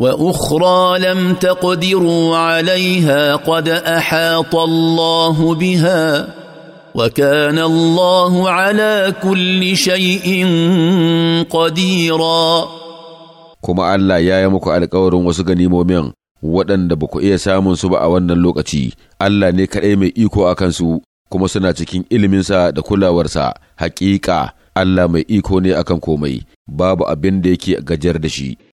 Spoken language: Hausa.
واخرى لم تقدروا عليها قد احاط الله بها وكان الله على كل شيء قديرا kuma Allah ya yi muku alkawarin wasu ganimomin waɗanda ba ku iya samun su ba a wannan lokaci, Allah ne kaɗai mai iko a kansu kuma suna cikin iliminsa da kulawarsa, haƙiƙa Allah mai iko ne akan komai, babu abin da yake gajar da shi.